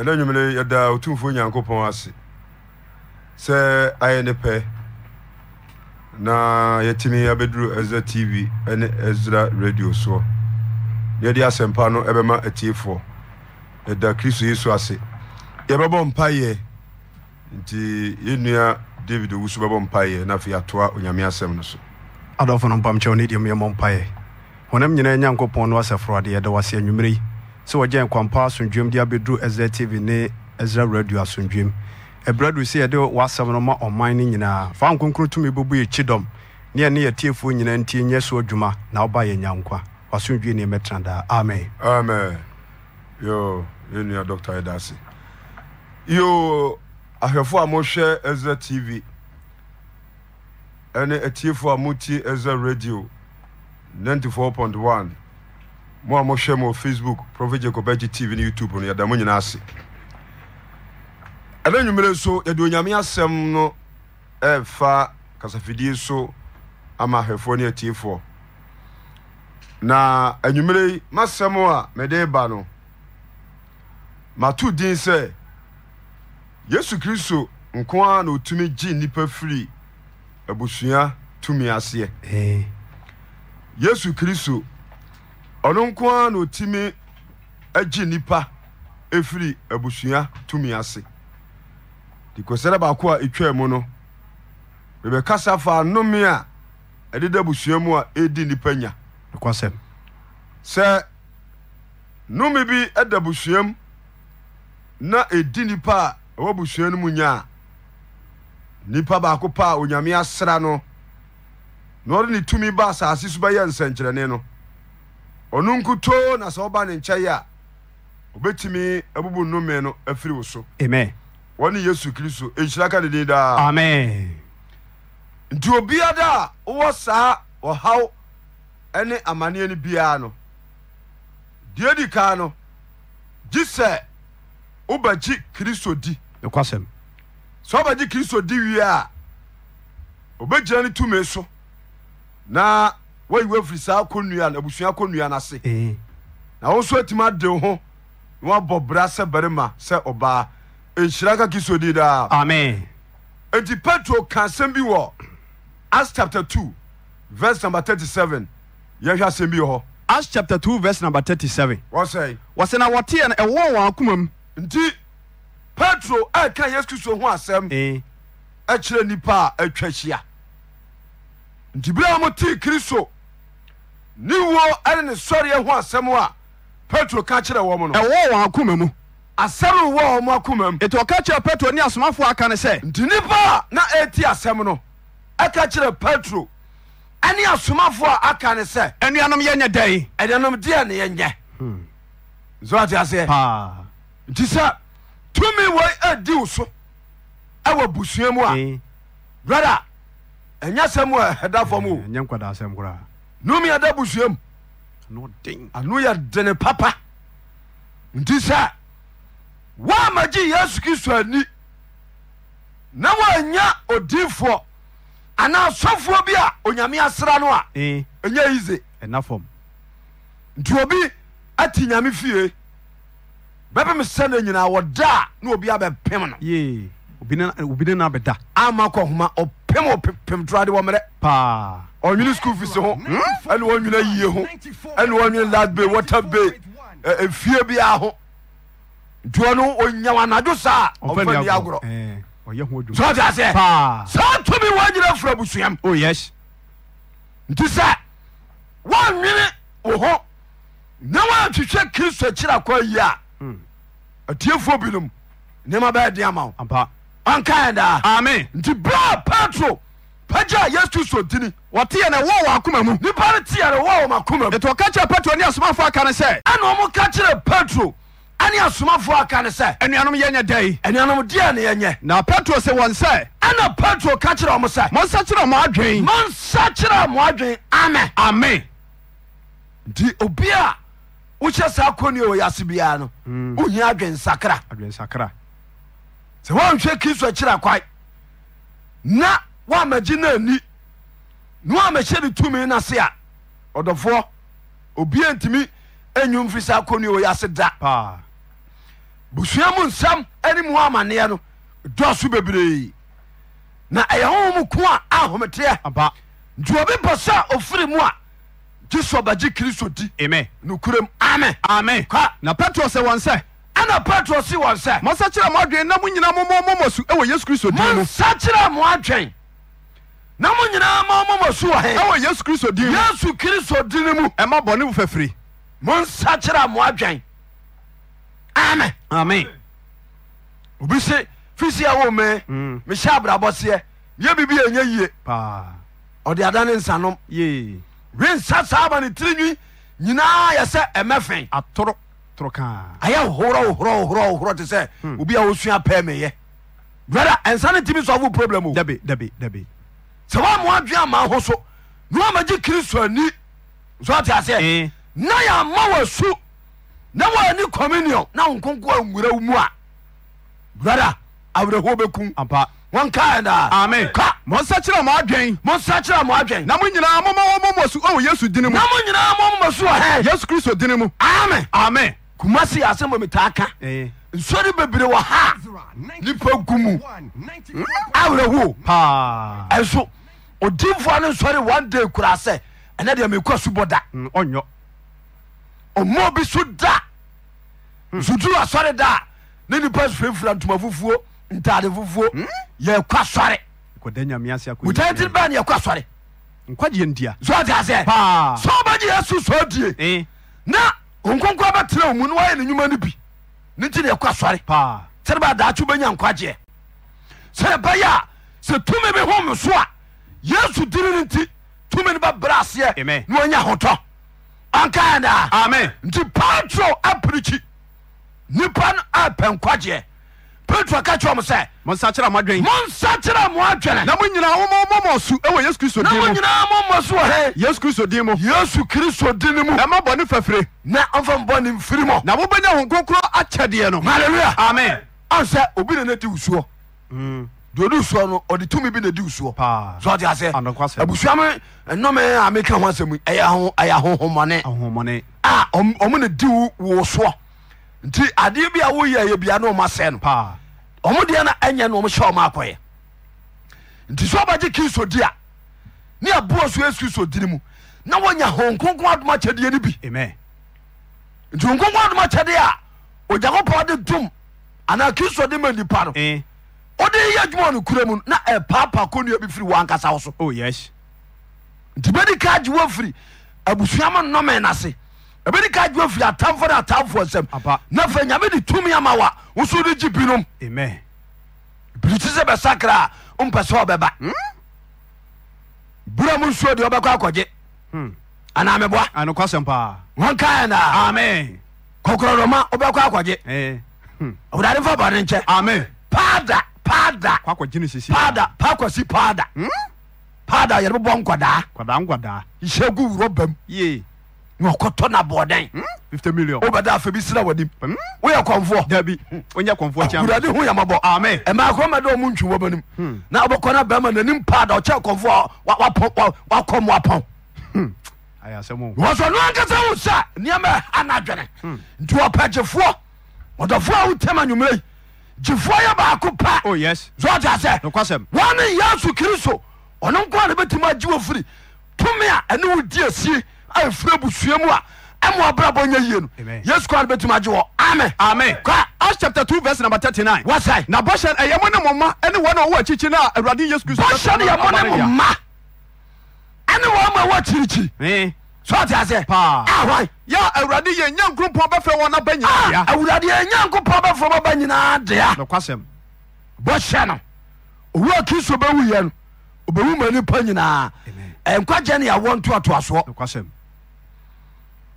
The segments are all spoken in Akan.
ɛna nwumere yɛda otumfuo nyankopɔn ase sɛ ayɛ ne pɛ na yɛtumi abɛduru ɛzra tv ne ɛzra radio soɔ yɛde asɛmpa no ɛbɛma atiefoɔ yɛda kristo yesu ase yɛbɛbɔ mpayɛ nti yɛnnua david wu so bɛbɔ mpayɛ na afei atoa onyame asɛm no so adɔfo no mpamkyɛw ne deɛ myɛmmɔ mpayɛ honam nyinaa nyankopɔn no asɛforo adeɛ yɛda wase anwummerɛ yi sɛ wɔgya nkwampa asomdwam de abɛduru ɛsra tv ne ɛsra radio asomdwam ɛberɛ duru sɛ yɛde w'asɛm no ma ɔman no nyinaa fa nkonkro tumi bɛbu yɛ kyidɔm ne ɛne yɛtiefoɔ nyinaa nti nyɛ so adwuma na woba yɛ nyankwa wasomdwe ne ɛmɛtena daa amen amen yo yɛnua dr ɛdase yo ahwɛfoɔ a mohwɛ ɛsra tv ɛne atiefoɔ a moti ɛsra radio 94.1 mo a mohwɛ mo facebook prophet jacob agye tv ne youtube no yɛda mo nyinaa ase ɛna nwummerɛ so yɛde onyame asɛm no ɛɛfa kasafidie so ama ahwɛfoɔ ne atiefoɔ na anwummerɛ yi masɛm a mede ba no mato din sɛ yesu kristo nko ara na ɔtumi gye nnipa firi abusua tumi aseɛ yesu kristo ɔno nko ara na ɔtumi agye nipa efiri abusua tumi ase dikosɛrɛ baako a etwa mu no bɛbɛkasa fa nnome a ɛdeda abusua mu a edi nipa nya sɛ nnome bi ɛda abusua mu na edi nipa a ɛwɔ abusua no mu nya a nipa baako pa a onyame asra no na ɔde ne tumi ba asase so bɛyɛ nsɛnkyerɛnne no ɔno nkutoo na sɛ ɔba ne nkyɛe a obɛtumi abubu nnome no afiri wo so amen wɔne yesu kristo ɛnhyira ka ne din daa amen nti obiada a wowɔ saa ɔhaw ne amanneɛ no biara no deɛ di kaa no gye sɛ wobagye kristo di nokwasɛm sɛ wobagye kristo di wie a obɛgyina ne tumi so na wayi wafiri saa kɔnnua no abusua kɔnnua no ase eh. na wo nso atumi ade wo ho na woabɔ bra sɛ barima sɛ ɔbaa nhyira ka kristo di daa amen enti petro ka asɛm bi wɔ acts chapter 2 verse number 37 yɛhwɛ asɛm bi wɔ hɔ acts chapter 2 verse number 37 wɔsɛe wɔsɛ na wɔteɛ no ɛwɔ wɔn akoma mu nti petro ɛka yesu kristo ho asɛm eh. ɛkyerɛ nnipa a atwa hyia nti bere a motee kristo ni wuo ɛne ne sɔreɛ ho asɛm a petro ka kyerɛ wɔ m no ɛwɔ wɔn akoma mu asɛm wowɔ wɔ mo akoma m ɛti ɔka kyerɛ petro ne asomafoɔ aka ne sɛ nti nnipa a na ɛti asɛm no ɛka kyerɛ petro ɛne asomafoɔ a aka ne sɛ ɛnuanom yɛnyɛ dɛn ɛnuanom deɛ ne yɛnyɛ hmm. nso aseɛ nti sɛ tumi wei adi wo so ɛwɔ busua mu a eh. brada ɛnyɛ sɛm wɔ ɛda fam o eh, nomiɛda bosuam anoyɛ dene papa nti sɛ woa ma gye yesu kristo ani na woanya odinfoɔ anaa sɔfoɔ bi a onyame asera no a ɛnya yi se ɛnafɔm nti obi ati nyame fie bɛpem sɛdɛ nyinaa wɔda a na obi abɛpem noyobi n nbɛda ama kɔhoma ɔpem pem torade wɔmmerɛpa ɔnwene school fees ho ɛne wɔnwene ayie ho ɛne wɔnwene lad bay water bay efie biara ho nti ɔno ɔnya wanadwo saa ɔfɛ ne agorɔ sɔɔte aseɛ saa tumi wɔnyina afura abusuam nti sɛ wɔnwene wo ho na wɔantwehwɛ kristo akyiri akɔ yi a atiefoɔ binom nneɛma bɛyɛ den ama wo ɔnkaɛ daa nti bra petro pagya yesu kristo dini wɔteyɛ ne wɔwɔ akoma mu nnipa no teyɛ ne wɔwɔ makoma mu ɛti ɔka kyerɛ petro ne asomafoɔ aka ne sɛ ɛna ɔmo ka kyerɛ petro ɛne asomafoɔ aka ne sɛ anuanom yɛnyɛ dɛn anuanom deɛ ne yɛnyɛ na petro sɛ wɔn sɛ ɛna petro ka kyerɛ ɔmo sɛ monsa kyerɛ mo adwen monsa kyerɛ mo adwen amen amen nti obi a wohyɛ saa kɔnni wɔ yɛase biara no hmm. wohia adwensakra adwensakra sɛ woanhwɛ kristo akyirɛ kwae na woamagye no ani na woamahyɛ ne tumi no se a ɔdɔfoɔ obia ntumi anwum firi saa kɔnnua wɔ yi ase da busua mu nsɛm anim wɔ amanneɛ no dɔso bebree na ɛyɛ honhom ko a ahometeɛ nti obi pɛ sɛ ofiri mu a gye sɛ ɔbagye kristo di Amen. ame na petro sɛ wɔn sɛ ɛna petro se wɔn sɛ monsa kyerɛ mo adwen na mo nyina momɔmɔmɔ su ɛwɔ yesu kristo di. mu monsa kyerɛ mo adwen na mo nyinaa ma ɔma mo asu wɔ he ɛwɔ yesu kristo din mu yesu kristo din mu ɛma bɔne wo fafiri monsa kyerɛ mo adwan amen amen obi se fisi a wo me mm. mehyɛ abrabɔseɛ yɛ biribi a ɛnyɛ yie ɔde ada ne nsanom wensa saa ma ne tiri nwi nyinaa yɛ sɛ ɛmɛ fɛn atoro toro kaa ayɛ hohoro hohoro hohoro hohoro te sɛ hmm. obi a wosua pɛɛ meyɛ brada ɛnsa ne timi sɔfo problem o dabi dabi dabi sɛ woamoa adwene ama ho so na woamagye kristo ani nso ate aseɛ eh. na yɛama wasu na woani communion na wo nkonko a nwura wo mu a brada awerɛhoɔ bɛkum ampa monsa kyerɛ mo adwen monsa kyerɛ mo adwen na mo nyinaa momma wɔmmɔmɔ su ɔwɔ oh, yesu dini mu na mo nyinaa mommɔ su ɔhɛ yesu kristo dini mu amen amen kumasi asɛm bɔ metaa ka eh nsɔre bebree wɔ ha nipa gumu hmm? awerɛho ɛnso odinfoɔ no nsɔre one day kura sɛ ɛnɛ deɛ mekɔ subɔ da ɔnyɔ hmm, ɔmo bi so da nsuduru hmm. asɔre da ne nipa firafira ntoma fufuo ntade fufuo yɛkɔ asɔremutantini baa ne yɛkɔ asɔre sɔtasɛ sɛ wobɛgye yɛsu sɔɔ die eh. na nkonkɔ bɛtena mu wa wayɛ ni nyuma no bi etineyɛkɔ asare sɛdebɛdaatwo bɛnya nkwagyeɛ sɛdɛ bɛyɛa sɛ tumi bi homo so a yesu diri no nti tumi no bɛbraaseɛ na wɔanya ho tɔ ɔnkaadaa a nti paato apirekyi nipa no apɛ nkwagyeɛ petro ka kyerɛ m sɛ monsa kyerɛ mo adwene monsa kyerɛ mo adwene na mo nyinaa momɔmɔ su ɛwɔ yesu kristo din mu nyinaa momɔ so wɔ he yesu kristo din mu yesu kristo din mu ɛma bɔne fɛfire na ɔmfa mbɔne mfiri mɔ na mobɛnya ho nkrokro akyɛdeɛ no halleluya amen ansɛ obi ne nati wusuɔ mm. duode wusuɔ no ɔde tumi bi na di wusuɔ so ɔde ase abusua me nnome a meka ho asɛm ɛyɛ ahohommɔne a ɔmo ne di wo soɔ nti adeɛ bi a woyɛ yɛ bia ne ɔma sɛ no ɔmo deɛ na ɛnyɛ no ɔmohyɛ ɔma akɔyɛ nti so wobɛgye kristo di a ne aboa so yesu kristo dini mu na woanya hon kronkron adom akyɛdeɛ no bi nti hon kronkron adom akyɛdeɛ a onyankopɔn de dom anaa kristo de ma nnipa no wode eh. yɛ adwuma no kura mu na ɛpaapa kɔnnua bi firi wankasa wo so oh, nti bɛdi ka agye woafiri abusua ma nnɔme no ase ɛbɛdi ka adwo firi atamfo ne atamfoɔ nsɛm na afei nyame de tumi ama wa woso de gye binom biriti sɛ bɛsakra a wompɛ sɛ ɔbɛba hmm? bura mu nsuo deɛ ɔbɛkɔ akɔgye anameboa wankaɛnaa kɔkorɔdɔma wobɛkɔ akɔgye eh. hmm. awurade mfa bɔne nkyɛ paada paada paada pakwasi paada hmm? paada yɛde bɛbɔ nkɔdaa hyɛ gu wurɔ bam wɔkɔtɔ na bɔɔden hmm? fifty million wobɛda afɛ bi sira wadim woyɛ kɔnfoɔ dabi wonyɛ kɔnfoɔ kyɛn awurade ho yamabɔ amen ɛmaa kɔn mɛ dɛ ɔmu ntwi wɔ bɛnum na ɔbɛkɔ na bɛrima n'anim paada ɔkyɛ kɔnfoɔ wakɔ mu apɔn wɔsɔ no ankasa wo sa nneɛma ɛha na adwene nti wɔpɛ gyefoɔ ɔdɔfoɔ a wotam anwummerɛ yi gyefoɔ yɛ baako pa so ɔta sɛ wɔne yesu kristo ɔno nkoa ne bɛtumi agye wɔ firi tumi a ɛne wo di ayɛfiri abusua mu a ɛmo abrabɔ nya yie no yesu kora no bɛtumi agye wɔ amen amen ka acts chapter 2 verse number 39 wasai na bɔhyɛ no ɛyɛ mo ne mo ma ne wɔn a wɔwɔ akyikyi no a awurade yesu kristo bɔhyɛ no yɛ mo ne mo ma ɛne wɔn ah, ah, ma ɛwɔ akyirikyi sọọti ase. ahwai. yà awurade yẹ nyankunpọ bẹ fẹ wọn n'abẹ nyinaa dìá. awurade yẹ nyankunpọ bẹ fẹ wọn n'abẹ nyinaa dìá. lọkwasẹm. bó hyẹ no owó akiso bẹ wù yẹ no obẹ wù mọ nípa nyinaa nkwajẹ ni àwọn ntoatoasoɔ. lọkwasẹm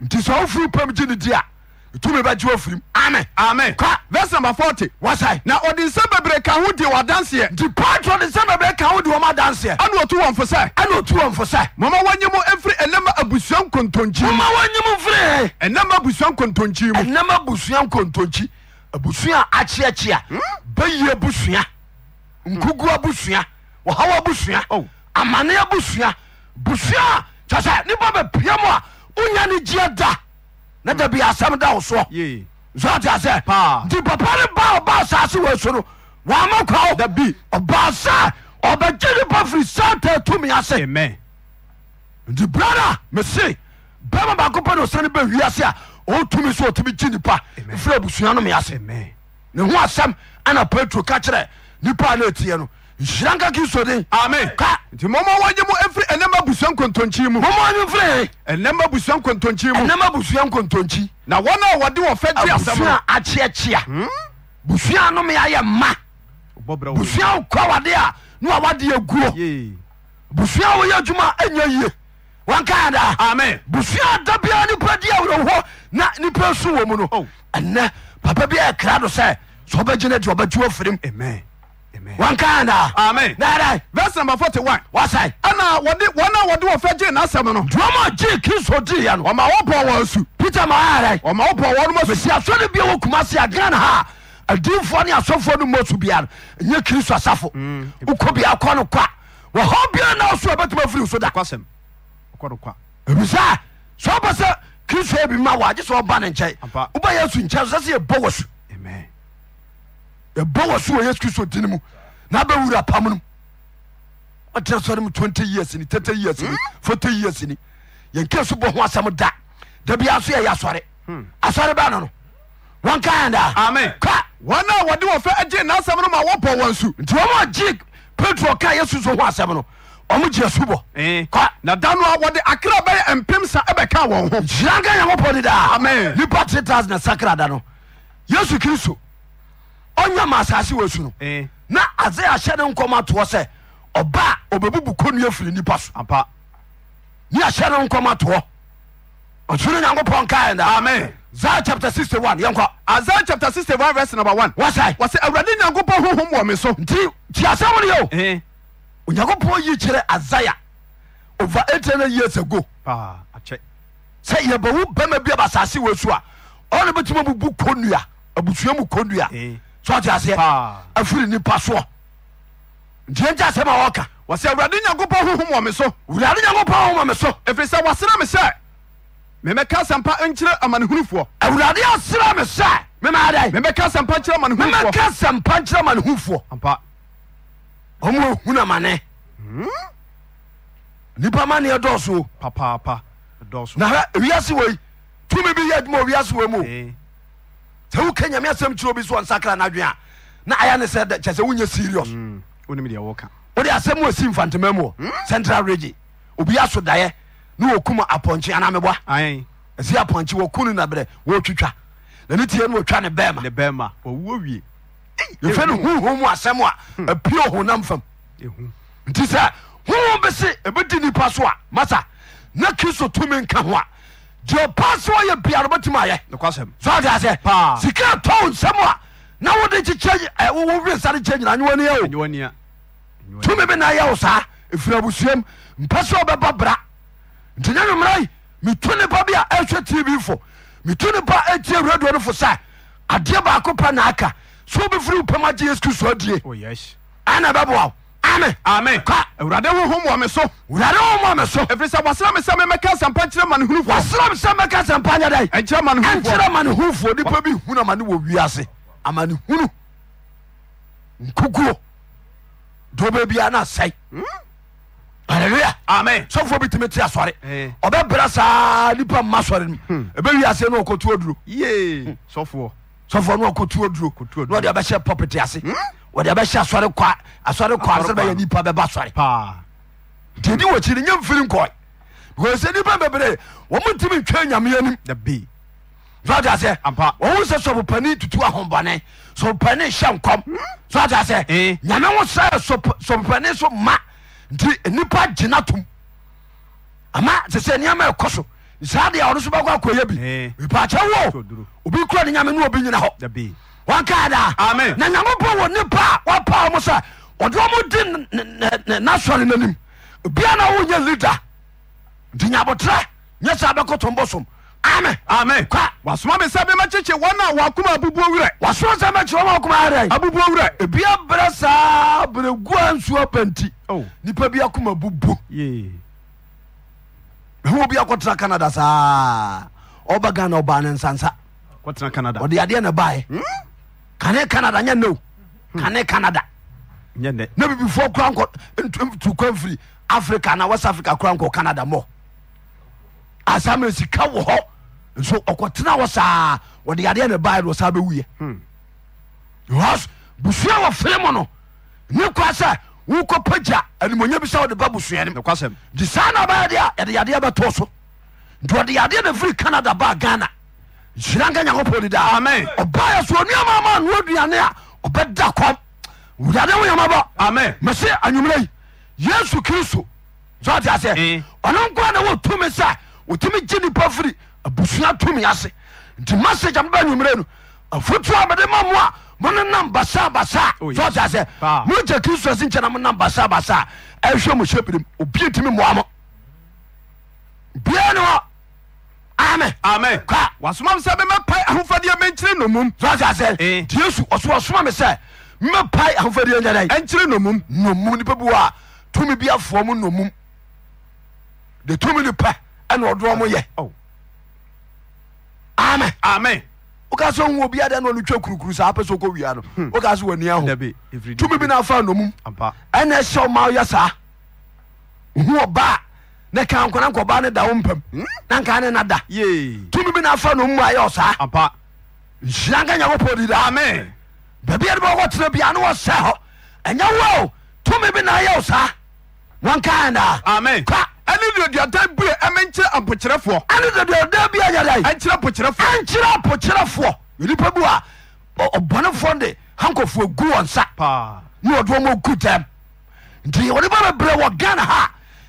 nti sɛ wofiri pam gye ne di a tumi bɛgye wofirim amen amen ka verse number forty wasae na ɔde nsɛm bebree ka ho di wɔ adanseɛ nti patro de nsɛm bebree ka ho di wɔn adanseɛ ɛna otu wɔn fo sɛ ɛna otu wɔn fo sɛ mɔmɔ wɔnyi mu efiri ɛnɛma abusua nkontonkyi mu mɔmɔ wɔnyi mu firi ɛnɛma abusua nkontonkyi mu ɛnɛma abusua nkontonkyi abusua akyiakyia hmm? bɛyi abusua nkugu abusua wɔhaw abusua oh. amane abusua busua kyɛ sɛ nipa bɛ pia mu a wonya ne gyea da na da bia asɛm da wo soɔ soata sɛ nti papa no ba ɔba asase wɔ asu no wama kwa wo ɔba sa ɔbɛgye nipa firi sata tumi ase nti brada mese bɛma baako pɛ ne ɔsane bɛ wiase a ɔtumi so ɔtumi gye nipa mfiri abusua no mease ne ho asɛm ana petro ka kyerɛ nipa na ɛtiɛ no nhyira nka kristo den amen ka nti mɔmɔ mu ɛfiri ɛnɛma busua nkontonkyi mu mɔmɔ ne mfiri ɛnɛma busua nkontonkyi mu ɛnɛma busua nkontonkyi na wɔn a wɔde wɔ fɛ di asɛm no akyeakyea hmm? busua anome ayɛ ma busua wokɔ wade a ne wawade aguo busua woyɛ adwuma ɛnya yie wankaa daa amen busua da biara nipa di awerɛhɔ na nipa su wɔ mu no oh. ɛnɛ papa bi ɛkra do sɛ sɛ wɔbɛgyina deɛ wɔbɛgyiwa firim amen wankanda verse number 41 wasai ɛna wɔde wɔn a wɔde wɔfɛ gye n'asɛm no duoma gye kristo di yɛ no ɔma wɔbɔ wɔn su peter ma ayɛ dɛ ɔma wɔbɔ wɔn mo su besi asɔ bi wɔ kuma se agan ha adinfoɔ ne asɔfoɔ no mo su bia no nye kristo asafo mm. wokɔ bia kɔ no kwa wɔ hɔ bia na ɔso a bɛtuma firi so da kɔsɛm kɔ no kwa ebisa sɔ bɛ sɛ kristo ebi ma wa agye sɛ ɔba ne nkyɛn wobɛyɛ su nkyɛn sɛ sɛ yɛ bɔ wɔ su ɛbɔ wɔ so wɔ yesu kristo din mu na bɛwura pam no ɔtena sɔre mu 20 years ni 30 years ni 40 years ni yɛnka so bɔ ho asɛm da hmm. da bia so yɛyɛ asɔre asɔre ba no no wɔnka yɛndaa amen ka wɔn a wɔde wɔ fɛ agye n'asɛm no ma wɔbɔ wɔn su nti wɔn a gye petro ka yesu so ho asɛm no ɔmo gye asu bɔ eh. na da no a wɔde akra bɛyɛ mpem sa ɛbɛka wɔn ho nhyira nka nyankopɔn de daa amen nipa 3000 na sakra da no yesu kristo ɔnya ma asase wɔ su no eh. na isaia hyɛ ne nkɔm atoɔ sɛ ɔba a ɔbɛbubu kɔnnua firi nnipa so ne ahyɛ ne nkɔm atoɔ ɔsoro nyankopɔn kaɛ isaia chapter sixty 61 yɛnkɔ isaia chapter sixty-one, verse number 1 wɔsae wɔsɛ awurade nyankopɔn honhom wɔ me so nti tiasɛm no yɛo eh. onyankopɔn yi kyerɛ isaia over 800 years ago sɛ yɛbɛwo bɛma bi aba asase wɔ su a ɔne bɛtumi abubu kɔnnua abusua mu kɔnnua eh sọọti aseɛ afiri nipa soɔ ntiɛnti asɛm a wɔka wɔsɛ awurade nyankopɔn honhom wɔ me so awurade nyankopɔn honhom wɔ me so ɛfiri sɛ wɔsena me sɛ memɛka asɛmpa nkyerɛ amanehunufoɔ awurade asera me sɛ memaadɛn memɛka asɛmpa nkyerɛ amanehunufoɔ memɛka asɛmpa nkyerɛ Anpa. ampa ɔmo ahunu amane nipa ma neɛ dɔɔso papaapa dɔɔso na wiase wei tumi bi yɛ adwuma wiase wei mu sɛ woka nyame asɛm kyerɛ obi so ɔnsakra noadwe a na ayɛ ne sɛ kyɛ sɛ wonyɛ serious mm. wode asɛm wasi mfantema mu mm? central regi obi aso daeɛ na wɔkum apɔnkye anameboa ɛsi apɔnkye wɔku no nabrɛ wɔtwitwa nane tie no wɔtwa ne bɛɛma yɛfɛ no huhu mu asɛm a hmm. apie ɔhonam fam nti sɛ hoho bɛse ɛbɛdi nipa so a masa na kristo tumi nka ho a tɔpaseyɛ piaroba timiayɛdssika to nsɛma na wode kekhsare kiyanatumi bineyɛo saa firi bosam mpɛsɛ bɛbabra ntinyanumera meto nepa bias tv fo me nepa t fo sa adeɛ bako pra nka sobefiri pamyekristoien amen amen ka awurade honhom wɔ me so awurade honhom wɔ me so ɛfiri sɛ wasra me sɛ memɛka asɛmpa kyerɛ man ne hunufoɔ wasra me sɛ mɛka asɛmpa nyɛ dɛn ɛnkyerɛ ma ne hunufoɔ ɛnkyerɛ ma ne hunufoɔ nipa bi hunu amane wɔ wiase amane hunu nkukuo dobe bia na asɛe hmm? aleluya amen sɔfoɔ bi tumi te asɔre ɔbɛbrɛ saa nipa mma sɔre no hmm. ɛbɛwi ase na ɔkɔtuo duro sɔfoɔ sɔfoɔ na ɔkɔtuo duro na ɔde ɔbɛhyɛ pɔpete ase hmm? wɔde bɛhyɛ asɔre kɔ asɔre kɔ asɔre bɛyɛ nipa bɛba asɔre deɛ di wɔkyi no nyɛ mfiri nkɔe because sɛ nipa bebree wɔn mo timi ntwa nyame anim sɔɔta sɛ wɔn ho sɛ sɔpɔpani tutu ahombɔne sɔpɔpani hyɛ nkɔm sɔɔta sɛ nyame sɛ sɔpɔpani so ma nti nipa gyina tom ama sɛ sɛ nneɛma ɛkɔ so saa deɛ ɔno so bɛkɔ akɔyɛ bi ipaakyɛ eh. wo obi kura ne nyame ne obi nyina hɔ wakada amen na nyankopɔn wɔ nipa wa pa mo sa sɛ ɔde ɔmodi nasɔre noanim obia na wonya leader di nti nyabotrɛ nyɛ sɛ bɛkɔtombɔ som amen amen kwa wasoma me be sɛ mɛmɛkyekye wɔn wa kuma abubu werɛ wasoma ma chiro kuma mɛkyerɛ abubu akoma e abubuo werɛ ebia brɛ saa berɛgua nsuo oh nipa bi akoma abubu ho bi akɔtena canada sa oba ɔba ghana ɔbaa ne nsansa ɔde adeɛ na baɛ hmm? kane canada nyɛ no hmm. kane canada na bibifoɔ kora nkɔ tukwa mfiri africa na west africa kora nkɔ canada mɔ Asame sika wɔ hɔ nso ɔkɔtena wɔ saa wɔde yadeɛ na ɛbaɛ wɔ saa bɛwuyɛ hmm. because busua wɔ fere mu no ne kwa sɛ wokɔ pagya animonyɛ bi sɛ wode ba busua no nti saa na ɔbɛyɛ deɛ a yɛde yadeɛ bɛtɔ so nti ɔde yadeɛ na firi canada baa ghana siypdb n nduane b da kom wyb mese aumre yesu kristo s nw tum s otimi inipofri abusua tumiase timaseje mburfotmedemma monna bssristtmin amen amen ka wasoma me sɛ memɛpae ahofadeɛ mɛnkyerɛ nomum sɛsɛ sɛ nti eh. yesu ɔso ɔsoma me sɛ mɛpae ahofadeɛ nyɛ dɛn ɛnkyerɛ nomum nomum nipa bi wɔ a tumi bi afoɔ mu nomum de tumi no pɛ ɛna ɔdoɔ mo yɛ oh. amen amen woka sɛ hu obi adɛ na ɔnotwa kurukuru saa apɛ sɛ wokɔ wia no hmm. woka sɛ w'ani aho tumi bi no afa nomum ɛna ɛhyɛ wo ma woyɛ saa hu ɔbaa ne ka nkwana nkɔba ne da wo mpam hmm? na nka ne nada tumi bi na afa no mu ayɛ ɔsaa nhyira nka nyankopɔn dida amen baabia de bɛwɔkɔtena bia ne wɔsɛ hɔ ɛnyɛ wo o tumi bi na ayɛ wo saa wɔnkaɛ daa amen ka ɛne daduada bie ɛmɛnkyerɛ apokyerɛfoɔ ɛne daduada bia yɛdae ɛnkyerɛ apokyerɛfoɔ ɛnkyerɛ apokyerɛfoɔ nipa bi a ɔbɔnefoɔ de hankɔfoɔ gu wɔ nsa ne ɔde ɔmɔ gu dɛm nti wɔde ba bɛbrɛ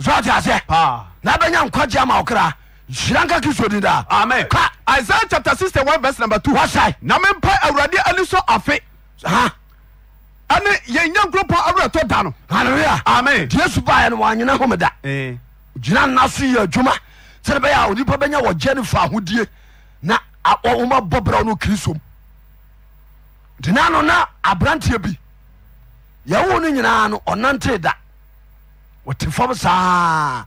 sotasɛ na bɛnya nkwagye ma wokra nhyira nka kristo din daa amen ka isaiah chapter one verse number two, wasae na mempa awurade ani so afe ɛne yɛn nyankuropɔn awerɛtɔ da no hallelujah amen deɛ su baeɛ no wanyena home da eh. gyina nna so yɛ adwuma sɛde bɛyɛ a onipa bɛnya wɔgye ne fa ahodie na wɔma bɔ brɛ no kristo m nti na no na aberanteɛ bi yɛwo no nyinaa no ɔnantee da wɔte fam saa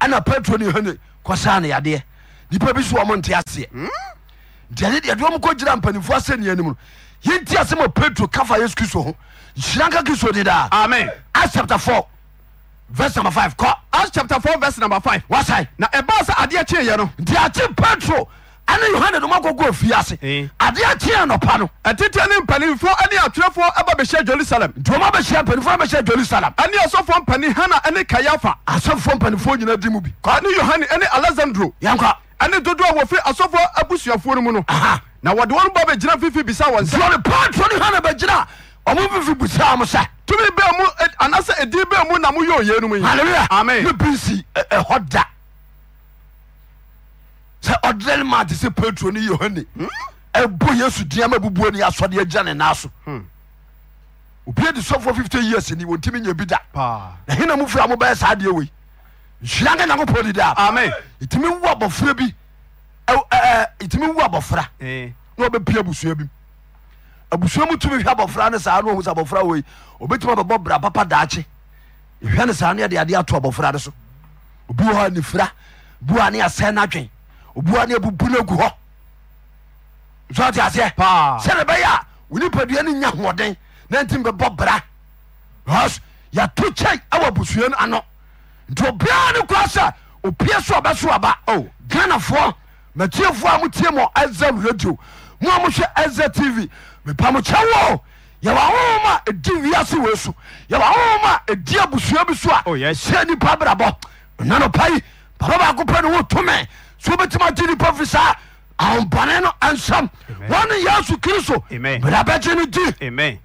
ɛna petro ne yohane kɔsaa ne yadeɛ nipa bi so wɔ mo nte aseɛ ntiɛne deɛ deɛ ɔmkɔ gyina mpanimfoɔ asɛ no mu no yɛnti asɛ ma petro ka fa yesu kristo ho nhyira nka kristo de daa amen as chapter 4 vs number 5 kɔ as chapter 4 vs n 5 wasae na ɛbaa sɛ adeɛ kyeeyɛ no nti akye petro ɛne yohane nom akɔkɔ fie ase adeɛ kyeɛ nɔpa no ɛtete ne mpanimfoɔ ɛne atwerɛfoɔ ɛba bɛhyɛ jerusalem ntoma bɛhyɛ mpanimfoɔ bɛhyɛ jerusalem ɛne asɔfoɔ mpani hana ɛne kayafa asɔfoɔ mpanimfoɔ nyina di mu bi kɔ ne yohane ɛne alexandro yɛnkɔ ɛne dodoɔ a wɔfiri asɔfoɔ abusuafoɔ no mu no na wɔde wɔn ba bɛgyina fifi bisa wɔn sɛ wɔde paatɔ ne hana bɛgyina ɔmo fifi bisa mo sɛ tumi bɛɛ mu anaasɛ ɛdin bɛɛ mu na moyɛ ɔyɛ no mu yi hallelujah amen ne bi si ɛhɔ da sɛ ɔdrɛne ma te sɛ petro ne yohane ɛbɔ yesu diama bubuo ne asɔde agya ne naa so hmm. obia de sɔfoɔ 50 years ni wɔntimi nya bi da na hena mu fira mobɛyɛ saa deɛ wei nhyira nka nyankopɔn dida amen ɛtumi wu abɔfra bi ɛtumi wu abɔfra na ɔbɛpia abusua bi abusua mu tumi hwɛ abɔfra ne saa na ɔhu sɛ abɔfra wei ɔbɛtumi abɛbɔ bra papa daakye ɛhwɛ ne saa ne ɛde adeɛ ato abɔfra ne so obi wɔ hɔ anifira bi wɔ ne asɛe no adwen obua ne abubu no agu hɔ so te aseɛ sɛde bɛyɛ a wonipadua no nya hoɔden na ntim bɛbɔ bra bcause yɛto kyɛn awɔ abusua ano nti obiara no kora sɛ opie so ɔbɛso aba oh. ghanafoɔ matiefoɔ a motie mɔ ɛza radio mo a mohwɛ ɛza tv mepa mo kyɛ wo yɛwɔ ahoma a ɛdi wiase wei so yɛwɔ ahoma a ɛdi abusua bi so a oh, sɛ nipa brabɔ ɔna yi baba baako pɛ ne wo tome so wobɛtumi agye nipa fi saa ahombɔne no ansɛm wɔne yesu kristo mmerabɛgye no di amen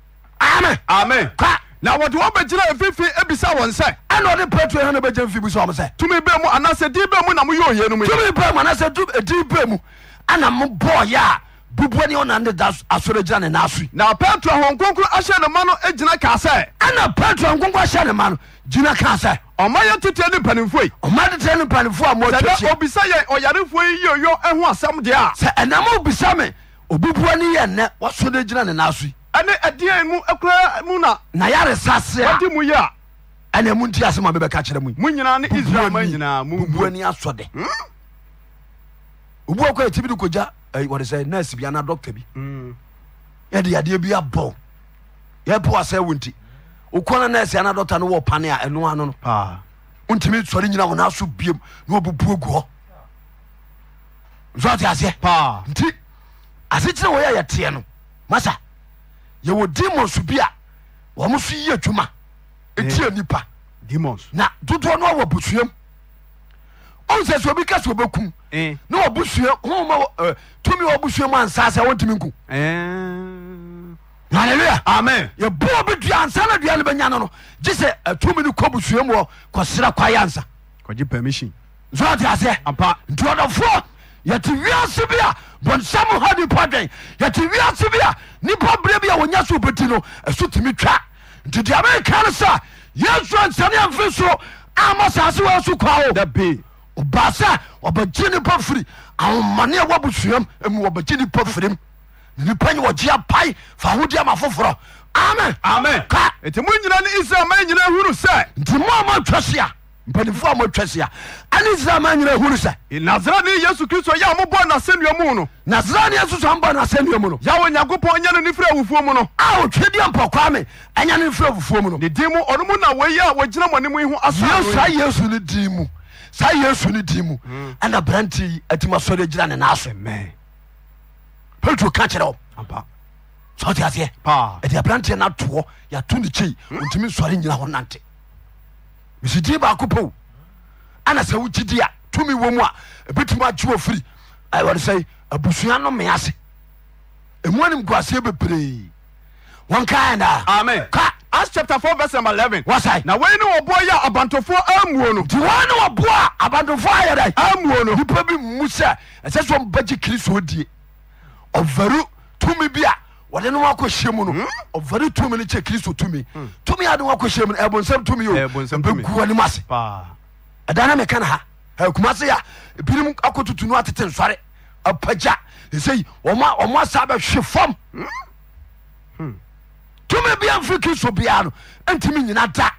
amen ka na wɔde wɔn bɛgyina afifi ebisa wɔn sɛ. ɛna ɔde petro yɛn na bɛgye nfi bisa wɔn sɛ. tumi bɛ mu anase di bɛ mu na mo yɛ oye no mu. tumi bɛ mu anase di bɛ mu ɛna mo bɔ ɔyɛ a bubuani ɔnande da asɔre gyina ne nan so na petro ahonkronkron ahyɛ ne ma no gyina kaa sɛ. ɛna petro ahonkronkron ahyɛ ne ma no gyina kaa sɛ. ɔma yɛ tete ne mpanimfoɔ yi. ɔma tete ne mpanimfoɔ a mo atwa hyɛ. sɛ obisa yɛ ɔyarefoɔ yi yɛ ɔyɔ ɛho asɛm deɛ sɛ ɛnam obisa mi obubuani yɛ nnɛ wasɔre gyina ne nan so ɛne ɛdeɛ mu ɛkura mu na. na yare sase a. wɔde mu yi a. ɛna emu nti asɛm a bɛbɛka kyerɛ mu yi. mu nyinaa ne israel ma nyinaa mu bubuani asɔ de. obuwa kɔ tibi de Eh, wɔde sɛ nurse bi ana doctor bi mm. yɛde yadeɛ bi abɔ yɛpo asɛ wo nti wokɔ na nurse ana doctor no wɔ pane a ɛno ano no wontumi sɔre nyina wɔn aso biem na wɔbubu agu hɔ nso ate aseɛ nti asekyerɛ wɔ yɛ yɛteɛ no masa yɛwɔ demons bi a wɔn so yi adwuma eh. etia nipa na dodoɔ no awɔ busuam ɔn sɛ obi ka obɛkum Eh. ne wbosa eh, tumiwɔbosuamu ansasewontimi nkuyb eh. bda ansan dn nyano gyesɛ atumi no ko bosuam ksr kansaye pemisonsadpte senpbr atm atka s ysnsa f so ma sase s ka baasɛ ɔbagyea nipa firi aomanea wabosuam bage npfirim npnyyea pa fahodimafoforɔ aa nti monyina ne isral ma nyina hunu sɛ ntimamatssaysnasarɛne e yesu kristo yɛ mobɔ nasandamu no nasaranes mbɔnasdamuno yawnyankopɔn ɛnyano nfiri afofuo mu no twadia mpa kam nyanonfir ffuomu noeim ɔnmu nawyi a gyina mɔnem hssa yesu no dimu saa yesu ne din mu hmm. ɛna branti atimi asɔre gyina ne naso petro ka kyerɛ wo sɛ ɔte aseɛ ɛde abranteɛ no atoɔ yɛato ne kyei ɔntumi hmm. nsɔre nyina hɔ nante mesi din baako pɛo ana sɛ wo gyidi a tumi wɔ mu a ɛbɛtumi akye wɔ firi wɔde sɛ abusua no me ase ɛmu anim guaseɛ bebree wɔnkaɛnaa ka Acts chapter 4 verse number 11. What's that? Now when you boy ya abantofo amuo no. Di wan no boy abantofo ayɛ dɛ. Amuo You probably bi mu sɛ ɛsɛ sɛ ɔmbɛgye Kristo die. Ɔvaru tumi bi a wɔde no wakɔ hyia mu no. Hmm? Ɔvaru tumi no kyɛ Kristo tumi. Hmm. Tumi a de wakɔ hyia mu no ɛbonsɛm tumi o. Ɛbonsɛm tumi. Bɛgu anim ase. Ɛdan na meka na ha. Kumase ya ebinom akɔtutu no atete nsɔre. Apagya. Ɛsɛ yi ɔmo asa bɛhwe fam. Hmm? tumi bia mfiri kristo biaa no ntimi nyina da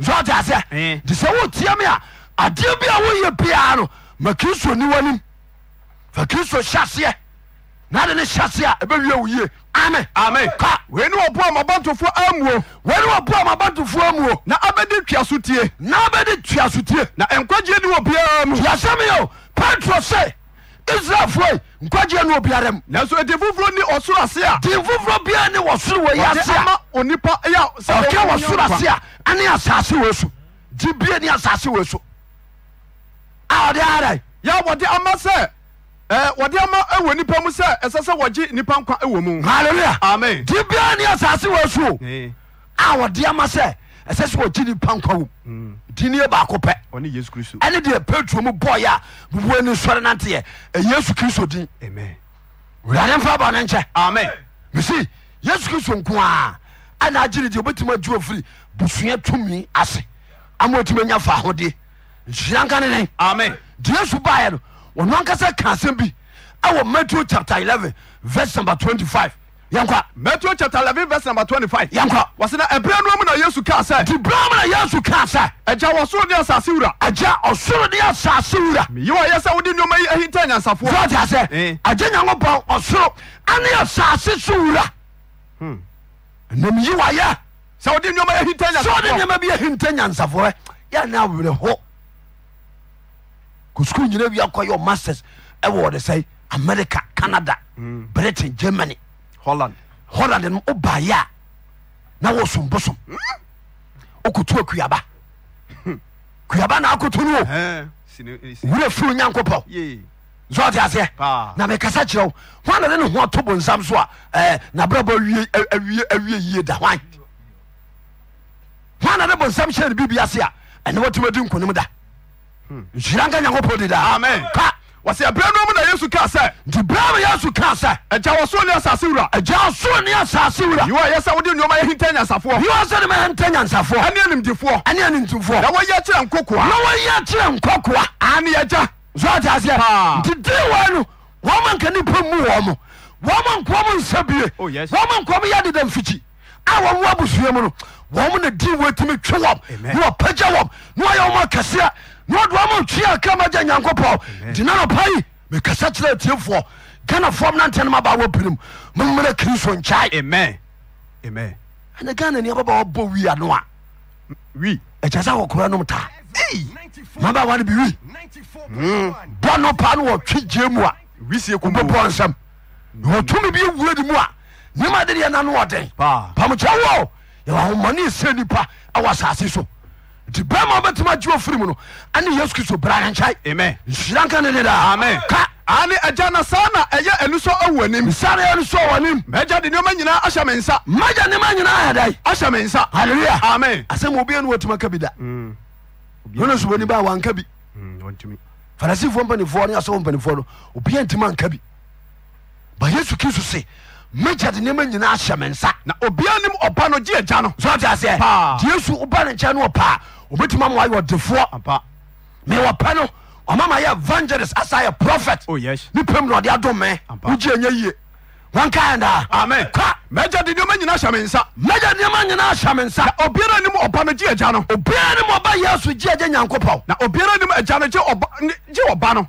sɛ ɔte aseɛ eh. nti sɛ wotia me a adeɛ bi a woyɛ biaa no ma kristo ni w'anim fa kristo hyɛseɛ na de ne hyɛseɛ a ɛbɛwie wo yie ame ame ka wei ne wɔboa mabantofoɔ amuo wei ne wɔboa mabantofoɔ amuo na abɛde tuaso tie na abɛde tuaso tie na nkwagyeɛ ni wɔ biara mu tuasɛme o petro sɛ israelfoɔ yi nkwagyeɛ no obiara mu. nanso edi foforɔ ni ɔsoro ase a. di foforɔ biara ni wɔsoro wɔ yi ase a. ɔde ama onipa eya. ɔkɛ wɔsoro ase a ɛne asase wɔ so di bie ne asase wɔ so a ɔde ara yi. ya wɔde ama sɛ ɛɛ wɔde ama ɛwɔ nipa mu sɛ ɛsɛ sɛ wɔgye nipa nkwa ɛwɔ mu. hallelujah amen. di bie ne asase wɔ so a wɔde ama sɛ ɛsɛ sɛ wɔgye nipa nkwa wɔ mu. Hmm dinie baako pɛ ɛne deɛ petro mu bɔyɛ a bubuo ni sɔre nanteɛ yesu kristo din wurade mfa bɔ ne nkyɛ amen mesi yesu kristo nko a ɛna agye ne deɛ obɛtumi agye ofiri busua tumi ase ama otumi anya fa ahodeɛ nhyira nka ne nen amen deɛ yesu baeɛ no ɔno ankasa ka asɛm bi ɛwɔ matthew chapter 11 verse number 25 yankwa. Matthew chapter eleven verse number twenty-five. yankwa. wɔsi na ebire nu mu na yesu kaa sɛ. di bere mu na yesu kaa sɛ. ɛgya ɔsoro ni asase wura. ɛgya ɔsoro ni asase wura. miyi wa yɛsɛ wodi nneɛma yi ehinta nyansafo. fúlọ̀ ti ase. ɛgya eh. nyanko bɔ ɔsoro ɛni asase so wura. nnum hmm. yi wa yɛ. sɛ wodi nneɛma yi ehinta nyansafo. sɛ wodi nneɛma bi ehinta nyansafo yɛ na awere hɔ. kò sukuu nyina bi akɔ yɛ ɔ masters ɛwɔ ɔdesɛn America Canada hmm. Britain Germany holland holland no wobaeɛ a na wɔsombosom hmm? wokotu akuaba hmm. kuaba na akoto no o eh, wura firi nyankopɔn sọọti aseɛ na mekasa kyerɛ wo hwan na ne ne ho ato bo nsam so a ɛɛ eh, n'abrabɔ awie eh, awie awie yie da hwan hwan na ne bo nsam hyɛ ne bibi ase a ɛne wɔtumi di nkunim da hmm. nhyira nka nyankopɔn di da amen ka. Wasi ɛberɛ no mu na yesu kaa sɛ nti berɛ mu yesu kaa sɛ agya wɔ soro ne asase wura agya soro ne asase wura yiwa ɛyɛ sɛ wode nneɔma yɛhinta nyansafoɔ yiwa sɛ de mahɛnta nyansafoɔ ɛne animdifoɔ ɛne animdifoɔ na wɔyɛ kyerɛ nkokoa na wɔyɛ kyerɛ nkɔkoa ane yɛgya so ataseɛ nti de wɔ no wɔma nka nipa mu wɔ mo wɔma nkoa mo nsa bie oh, wɔma nkoa mo yɛ deda mfikyi a wɔwo abusua mu no wɔm na din wɔatumi twe wɔm na wɔpagya wɔm na wɔyɛ wɔm akɛseɛ neɔdoɔma tua kamagya nyankopɔn nti nanɔpayi mekasa kyerɛ atiefoɔ ghanafoɔ mnantanomabawɔ pirim memmerɛ kristo nkyae ɛne ghana nniababa wɔbɔ wi ano a wi ɛkyɛ sɛ wɔkora nom taa maba wane bi wi hmm. bɔ no paa no wɔtwe gyee mu a wobɛbɔ nsɛm hmm. wɔtumi bi awura di mu a nneɛma de deɛ na no wɔden pamokyɛ wo yɛwɔ ahomane ɛwɔ asase so nti bɛma wobɛtumi agye ofiri mu no ane yesu kristo bra ne nkyɛe nhyira nka ne ne daa ane agya na saa na ɛyɛ ɛnu awu anim sare ɛnu sɔ wɔ anim mɛgya de nneɛma nyinaa ahyɛ me nsa magya nneɛma nyinaa yɛdae ahyɛ me nsa halleluya amen asɛm obia no watumi aka bi da ɔne mm. subɔni ba wanka bi mm, farisifoɔ mpanifoɔ ne asɛwo mpanifoɔ no obia ntimi anka bi ba yesu kristo se megyade nneɛma nyinaa hyɛ me nsa na obia nim ɔba no gye agya no sɛ ɔte aseɛ yesu woba ne nkyɛn no ɔpaa obɛtumi ama wayɛ ɔdefoɔ mewɔ pɛ no ɔma ma yɛ evangelist asa yɛ prophet oh, ne pam na ɔde adom me wogye anya yie wankaɛndaa amen ka mɛgya de nneɛma nyinaa hyɛ me nsa mɛgya de nneɛma nyinaa hyɛ me nsa na obiara nim ɔba no gye agya no obiara nim ɔba yesu gye agya nyankopɔn na obiara nim agya no gye ɔba no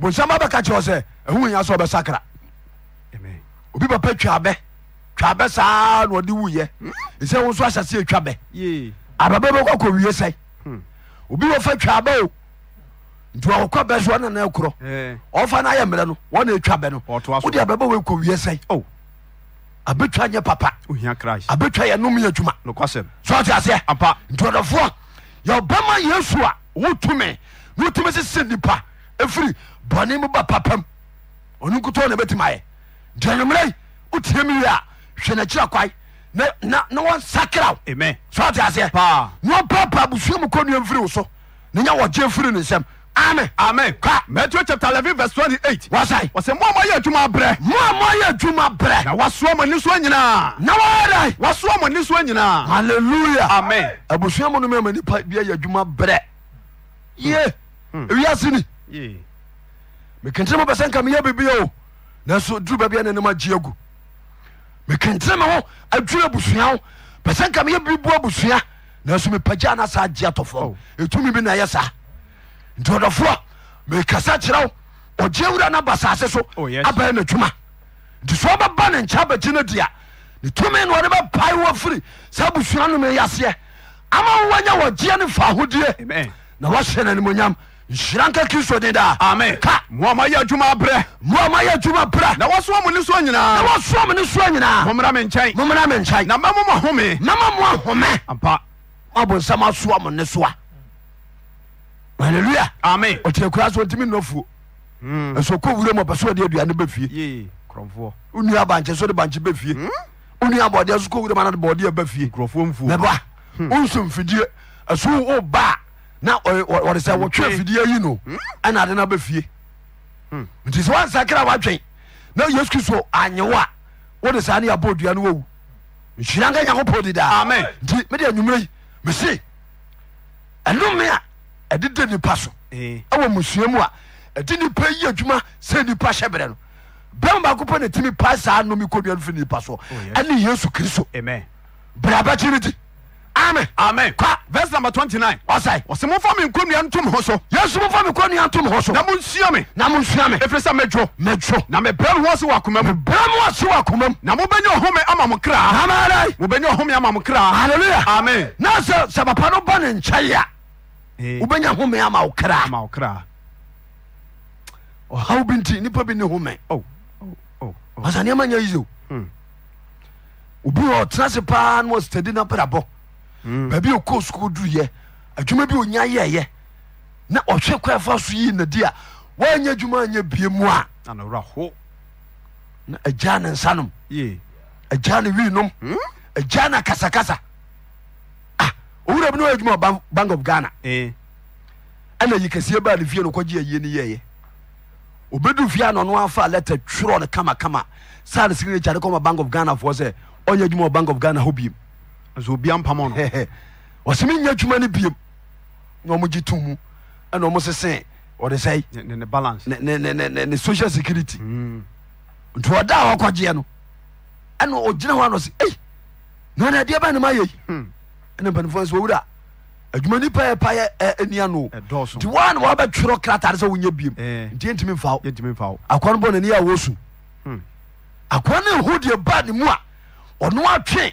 bonsam bɛka kyerɛ sɛ ɛhu ya sɛ ɔbɛsakra obi papa twabɛ twabɛ saa na ɔde wuyɛ ɛsɛ hmm? wo nso asase ɛtwa bɛ ababa bɛkɔ kɔ wie sɛe hmm. obi wɔfa twabɛ o nti ɔkɔ bɛ so ɔnana korɔ ɔfa no ayɛ mmerɛ no wɔna ɛtwa bɛ no wode ababa wɔkɔ wie sɛe oh. abɛtwa nyɛ papa abɛtwa yɛ nom yɛ adwuma so ɔte aseɛ nti ɔdɔfoɔ yɛɔbɛma yesu a wotumi na wotumi sesɛ nnipa ɛfiri bɔne mu ba papam ɔno nkutɔ na bɛtumi ayɛ nti wotie me wie a hwɛ n'akyira kwae na wɔnsakra wo so ate aseɛ na ɔpaapa abusua mu kɔnnua mfiri wo so na nya wɔgye mfiri no nsɛm amen amen ka matthew chapter eleven verse twenty eight wasai wɔsɛ mo a mo ayɛ adwuma brɛ mo a mo ayɛ adwuma brɛ na wasoa mo ani nyinaa na wɔyɛdai wasoa mo ani nyinaa hallelujah amen abusua mu no mɛma nipa bi ayɛ adwuma brɛ ye hmm. Hmm. ewiase ni mekentene mo pɛ sɛ nka meyɛ bibia o nanso duru baabi ne nanim agye agu mekentene me ho aduru abusua ho pɛ sɛ nka meyɛ bibu abusua nanso mepagya no sa agye atɔfoɔ ɛtumi oh. bi na ɛyɛ saa nti ɔdɔfoɔ mekasa kyerɛ wo ɔgye wura no aba saase so oh, abɛyɛ n'adwuma nti sɛ ɔbɛba ne nkyɛ abagye no di a ne tumi ne ɔde bɛpae wɔ firi saa abusua no meyɛ aseɛ ama wowanya wɔgyeɛ ne fa ahodie na wɔhyɛ no animonyam nhyira nka kristo ni daa amen ka moama yɛ juma berɛ moama yɛ juma berɛ na wɔsoa mo ne soɔ nyinaa na wɔsoa mo ne soɔ nyinaa mommra me nkyɛn mommra me nkyɛn na mɛmo mo ahome mɛma mo ahome ampa abonsam asoa mo ne soa halleluya amen ɔkyerɛ kura so ntimi nnɔfuo hmm. ɛsɛ kɔ wura mu ɔpɛ sɛ ɔde aduane bɛfie wonua bankye so de bankye bɛfie hmm? wonua bɔdeɛ so kɔ wura mu anade bɔdeɛ bɛfie mɛba hmm. wonso mfidie ɛso wo ba na wɔde sɛ wɔtwe afidie yi no hmm? ɛna ade no bɛfie hmm. nti sɛ wansakra woatwen na yesu kristo anyewo a wode saa ne yɛbɔ dua no wɔwu nhyira nka nyankopɔn di daa nti mede anwummerɛ yi mese ɛnome a ɛde da nipa so eh. ɛwɔ musua mu a ɛde nipa yi adwuma sɛ nipa hyɛ berɛ no bɛm baako pɛ na timi pa saa nnome kɔdua no fi nipa soɔ oh, ɛne yesu kristo brɛ abɛkye no di amen amen kwa verse number 29 ɔsɛ ɔsɛ momfa me nkonnua ntom ho so yesu momfa me nkonnua ntom ho so na monsia me na monsia me ɛfiri sɛ mɛdwo mɛdwo na mebrɛ me ho ase wɔ akoma mu mebrɛ me ho ase wɔ mu na mobɛnya ɔhome ama mo kraa amaadai mobɛnya ɔhome ama mo kraa halleluya amen na sɛ sɛ papa no bɔ ne nkyɛe a wobɛnya home ama wo kraa ama wo kraa ɔhaw bi nti nnipa bi ne home ɔsa oh, oh, oh, nneɛma nya yi so hmm. obi ɔtena se paa na ɔstadi Mm. baabi okɔ sukuu duruyɛ adwuma bi onya yɛyɛ na ɔhwɛ kɔ ɛfa so yii nadi a woanyɛ adwuma anyɛ bie mu a na agya ne nsa nom agya ne wii nom hmm? agya ne kasakasa ah, owura bi ne wayɛ adwuma bank of ghana eh. ɛna yi kɛseɛ baa ne fie no kɔgye ayie ne yɛyɛ obedu fie a na ɔno afa lɛtɛ twerɛ no kamakama saa ne signature ne kɔma bank of ghana foɔ sɛ ɔnyɛ adwuma bank of ghana hɔ biem obia mpamɔ no ɔsɛmi nya adwuma no biom na ɔmo gye tom mu ɛna ɔmo sese ɔde sɛe ne ne ne ne social security hmm. nti ɔda a wakɔgyeɛ no ɛna ɔgyina hɔ anɔse ei na ne adeɛ ba ne ma yɛi hmm. ɛna mpanimfoɔ sɛ owura adwuma nipa yɛ pa yɛ ni ano nti waa na wabɛtwerɛ krataa sɛ wonya biom nti yɛntumi mfa wo akwa no bɔ nani a wɔsu hmm. akwa no ɛhu deɛ ba ne mu a ɔno atwe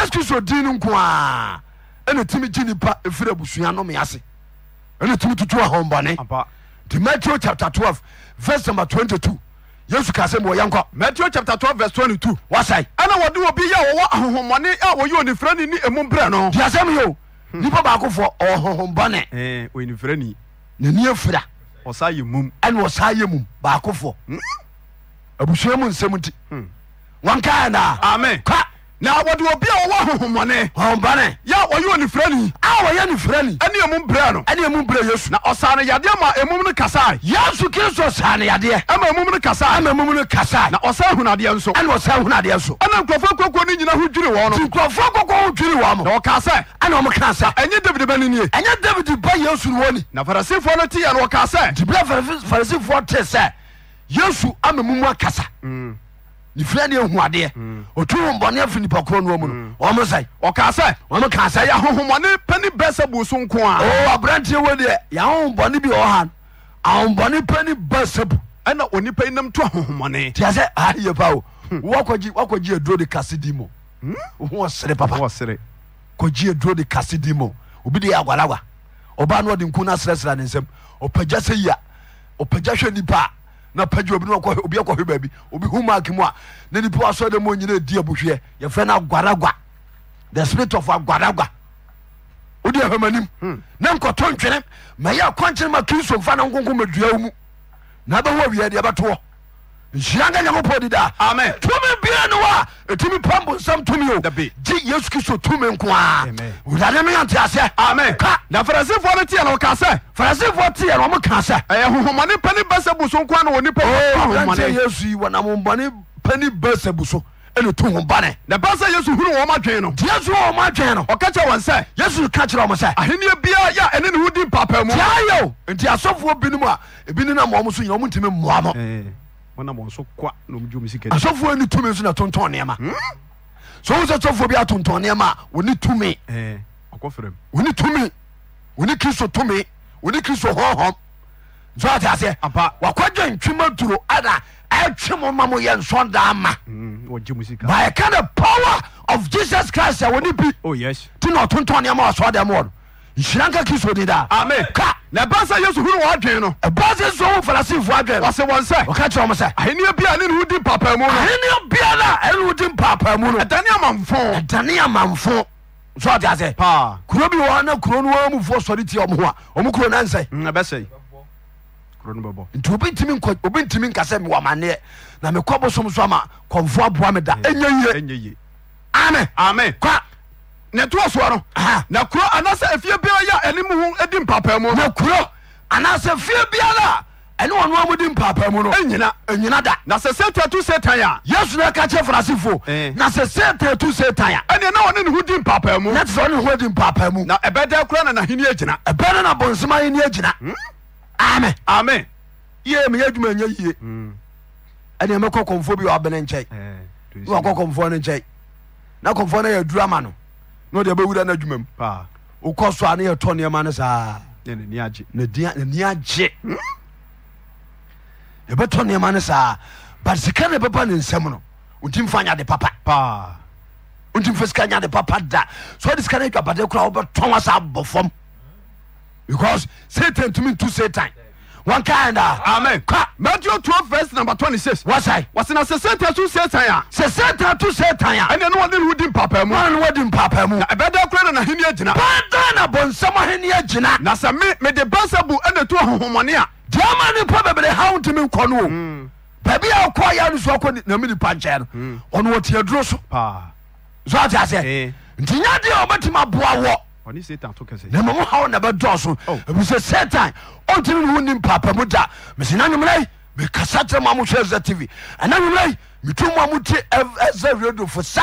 yesu kristo din no nko a ɛna tumi gye nipa ɛfiri abusua nome ase ɛna tumi tutu ahɔmbɔne nti matthew chapter twelve, verse number twenty-two. 22 yesu ka sɛ mewɔyɛ nkɔ matthew chapter twelve, verse twenty-two. 22 wasae ɛna wɔde obi yɛ wɔwɔ ahohommɔne a wɔyɛ onifira ni ne ɛmu mbrɛ no deɛ asɛm yɛ o nipa baakofoɔ ɔwɔ hohombɔne onifira ni n'ani afira ɔsa yɛ mum ɛna ɔsa yɛ mum baakofoɔ hmm? abusua mu nsɛm nti hmm. wɔnkaa naa amen ka na wɔde obi a wɔwɔ ahohomɔne ɔmbane yɛ ɔyɛ onifirani a wɔyɛ nifirani ɛne ɛmu brɛ no ɛne ɛmu brɛ yesu na ɔsaa no yadeɛ ma ɛmum no kasae yesu kristo saa no yadeɛ ɛma ɛmum no kasae ɛma ɛmum no kasae na ɔsaa hun adeɛ nso ɛne ɔsaa hun adeɛ nso ɛna nkurɔfoɔ kɔkɔɔ no nyina ho dwiri wɔn no nkurɔfoɔ kɔkɔɔ ho dwiri wɔn mo na ɔkaa sɛ ɛna ɔmo kaa sɛ ɛnyɛ david ba no nie ɛnyɛ david ba yesu no wɔ ni na farisifoɔ no teyɛ no ɔkaa sɛ dibila farisifoɔ te sɛ yesu ama mumu akasa mm nifira ne ehu adeɛ hmm. otu mbɔne afi nipa koro noɔ mu no hmm. ɔmo sɛ ɔka sɛ ɔmo ka sɛ yahohombɔne pɛni bɛsɛ buusu nko a o oh, aberanteɛ wo deɛ yahohombɔne bi wɔ ha ahombɔne pɛni bɛsɛ bu ɛna onipa yi nam to ahohombɔne tia sɛ ayɛ pa o hmm. wakɔgye wakɔgye aduro de kase di mu wɔn sere papa kɔgye aduro de kase di mu obi de yɛ agwalagwa ɔbaa no ɔde nkun na serɛserɛ ne nsam ɔpɛgya sɛ yia ɔpɛgya hwɛ nipa a na pagya obi obi akɔhwɛ baabi obi hu mark mu a na nipa wasɔ dɛ ma onyina di abuhweɛ yɛfrɛ no agwaragwa the spirit of agwaragwa wode ahwɛmanim hmm. na nkɔtɔ ntwene mayɛ akɔnkyene ma kristomfa no nkonko madua wo mu na bɛhɔ awiɛ deɛ bɛtowɔ nhyira nka nyankopɔn dida tumi biara ne wɔ a ɛtumi pam bo nsɛm tumi o gye yesu kristo tumi nko a wurade meyante aseɛ ka na farisifoɔ no teɛ no wɔka sɛ farisifoɔ teɛ no ɔmoka sɛ ɛyɛ honhomane pani bɛ sɛ bu so nkoa na wɔ nipa oh, yesu yi wɔnam hombɔne pani bɛ sɛ bu so ɛne to ho bane na ɛbɛ sɛ yesu hunu wɔn adwene no yesu wɔ wɔn adwene no ɔka kyerɛ wɔn sɛ yesu ka kyerɛ wɔn sɛ ahenniɛ biara yɛ ɛne ne ho di mu tiayɛ nti asɔfoɔ binom a ebi nenam wɔn so nyina wɔn ntumi mmoa mo wɔnam wɔn so kwa na ɔmo dwom sika asɔfoɔ ni tumi nso na tontɔn nneɛma so hmm? wɔn sɛ sɔfoɔ bi atontɔn nneɛma wɔni tumi eh, ɔkɔfrɛm wɔni tumi wɔni kristo tumi wɔni kristo hɔhɔm nso ate aseɛ wakɔgye ntwema duro ada ɛtwe mo ma mo yɛ nsɔn daa ma hmm, by a kind of power of jesus christ a wɔni bi oh, ti na ɔtontɔn nneɛma wɔ asɔɔdan mu wɔ no nhyira nka kristo ni daa amen ka na ɛba sɛ yesu hunu wɔn adwene no ɛba sɛ sɔ wɔn farasifoɔ adwene wɔsi wɔn sɛ wɔka kyerɛ wɔn sɛ ahenni bia ne nuhu di mpapamu no ahenni bia na ɛne nuhu di mpapamu no ɛdani amanfo ɛdani amanfo sọ ọdí ase paa kuro bi wọ́n na kuro ni wọ́n mu fọ sọrí tiẹ̀ ọmọ wa ọmọ kuro náà nsẹ̀. ǹ bẹ sẹ́yìn kuro ni bẹ bọ. nti obi ntumi nkọ obi ntumi nkasẹ mi wà má ní yẹ na mi kọ́ bó sọm sọ ma kọ̀nfọ́ abúwa mi da ẹ̀ nyẹ́ yie. ẹ̀ nyẹ́ yie. amen amen kọ́ ne to soa no na kuro anasɛ afie biara yɛ ɛne mu ho di mpapaa mu na kuro anasɛ fie biara a ɛne ɔno a mudi mpapaa mu no ɛnyina ɛnyina da na sɛ satan tu satan a yesu na ɛka kyerɛ farisifoɔ eh. na sɛ satan tu satan a ɛneɛ na ɔne ne ho di mpapaa mu na te sɛ ɔne ho di mpapaa mu na ɛbɛda kora na nahene agyina ɛbɛ no na bonsoma hene agyina hmm? amen amen Yɛ meyɛ adwuma nyɛ yie hmm. ɛneɛ mɛkɔ kɔmfoɔ bi wɔ abene nkyɛn eh, wakɔ kɔmfoɔ no nkyɛn na kɔmfoɔ no yɛ aduru ama no na ɔde bɛwura no adwuma mu wokɔ so a ne yɛtɔ nneɛma no saa nani agye yɛbɛtɔ nneɛma no saa but sika ne bɛba ne nsɛm no ɔntim fa nya de papa ɔntim fa sika nya de papa da so ɔde sika no adwabade kora wobɛtɔn wa saa bɔ fam because satan tumi ntu satan wọn ká dà. amen kwa. matthew twelve verse number twenty six. wọ́sàì. wàsànà sẹ̀sẹ̀ tẹ̀ tún sẹ̀tàn yà. sẹ̀sẹ̀ tẹ̀ tún sẹ̀tàn yà. ẹni ẹni wọn ni wọn di mpapa mu. wọn ni wọn di mpapa mu. ẹbẹ dẹ kura na n'ahini egyina. bẹ́ẹ̀ na bọ̀nsẹ́m ahini egyina. na sẹ mi mi de bẹ́sẹ̀bù ẹna tu ahohomani a. jẹ́ẹ́mà nípa bẹ̀bẹ̀rẹ̀ ha ń tẹ̀mí nkọ́ nù o. Hmm. bẹ̀bí à kọ́ ya ni sọ kọ́ na mi ni pankyẹ́ no. Hmm. ọ̀nà wọ́n ti yẹ dúró so. zọ́ọ̀tì àṣẹ. Eh. ntinyadi a wọ́n bẹ na mmom haw na bɛdɔɔ so satan ɔntimi ne ho nim paapa mu da mesi na Et mekasa kyerɛ mo a mohwɛ sɛ tv ɛna nwommerɛ metu mo a motie sɛ radio fo sɛ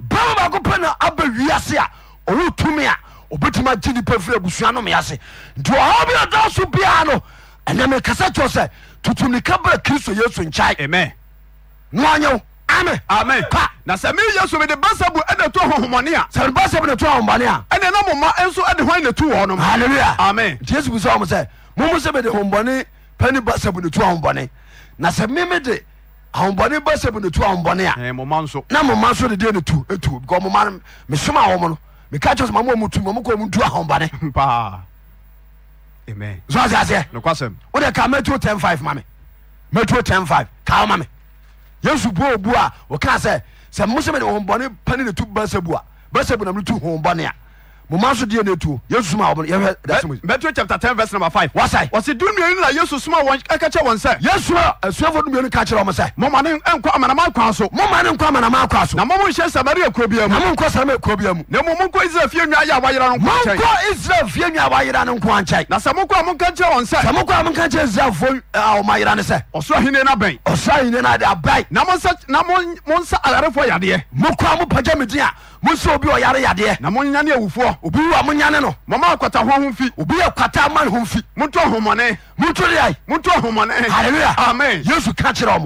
bɛma baako pɛ na aba wiase a ɔwo tumi a obɛtumi agye nipa firi abusua nti bi biara no ɛnɛ mekasa kyerɛ sɛ tutu brɛ kristo yesu nkyae na wanyɛ amen amen pa na sɛ me yesu mede basabo ɛna to honhommɔne a sɛ de ne to a na moma nso amen Jesus yesu bisa wɔm sɛ momo sɛ mede honhommɔne pani basabu ne tu na sɛ de ahombɔne basabo ne tu honhommɔne a moma nso na moma nso de ne tu ɛtu because moma mesoma wɔ mo no kyɛ sɛ ma mo mutu ma mokɔ Amen. ahombɔne paa amen so O de ka 10 5 ma me 10 5 ma yesu bu obu a se sɛ sɛ mosɛ mede hombɔne pane ne tu basɛ bu a basɛ bu namne tu hombɔne a moma so deɛ netuo yesu soma wɔmɛto chapter 10 verse number 5 wasae wɔse du mmienu na yesu soma wɔn ɛka kyɛ wɔn sɛ yesu a asuafo du mmienu ka kyerɛ wɔm sɛ moma ne nkɔ amanama kwan so moma ne nkɔ amanama kwa so na mɔmo nhyɛ samaria kuro bia mu na monkɔ samaria kuro bia mu na mmom monkɔ israel fie nwa yɛ a wayera no monkɔ israel fie nwa a wayera no nko ankyɛn na sɛ mokɔ a monka kyerɛ wɔn sɛ sɛ mokɔ a monka kyerɛ israelfoɔ a wɔmayera no sɛ ɔsoro hene no abɛn ɔsoro hene no ade abɛn na monsa alarefoɔ yadeɛ mokɔ a mopagya me din a yɛwf akaaɛtmk hap 0 vs nb ka krɛf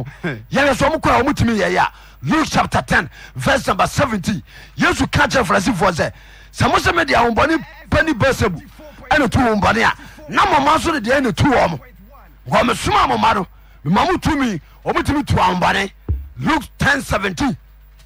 besbao ntm mesoma mmao mmamo tmi ɔmotumi tu aonek10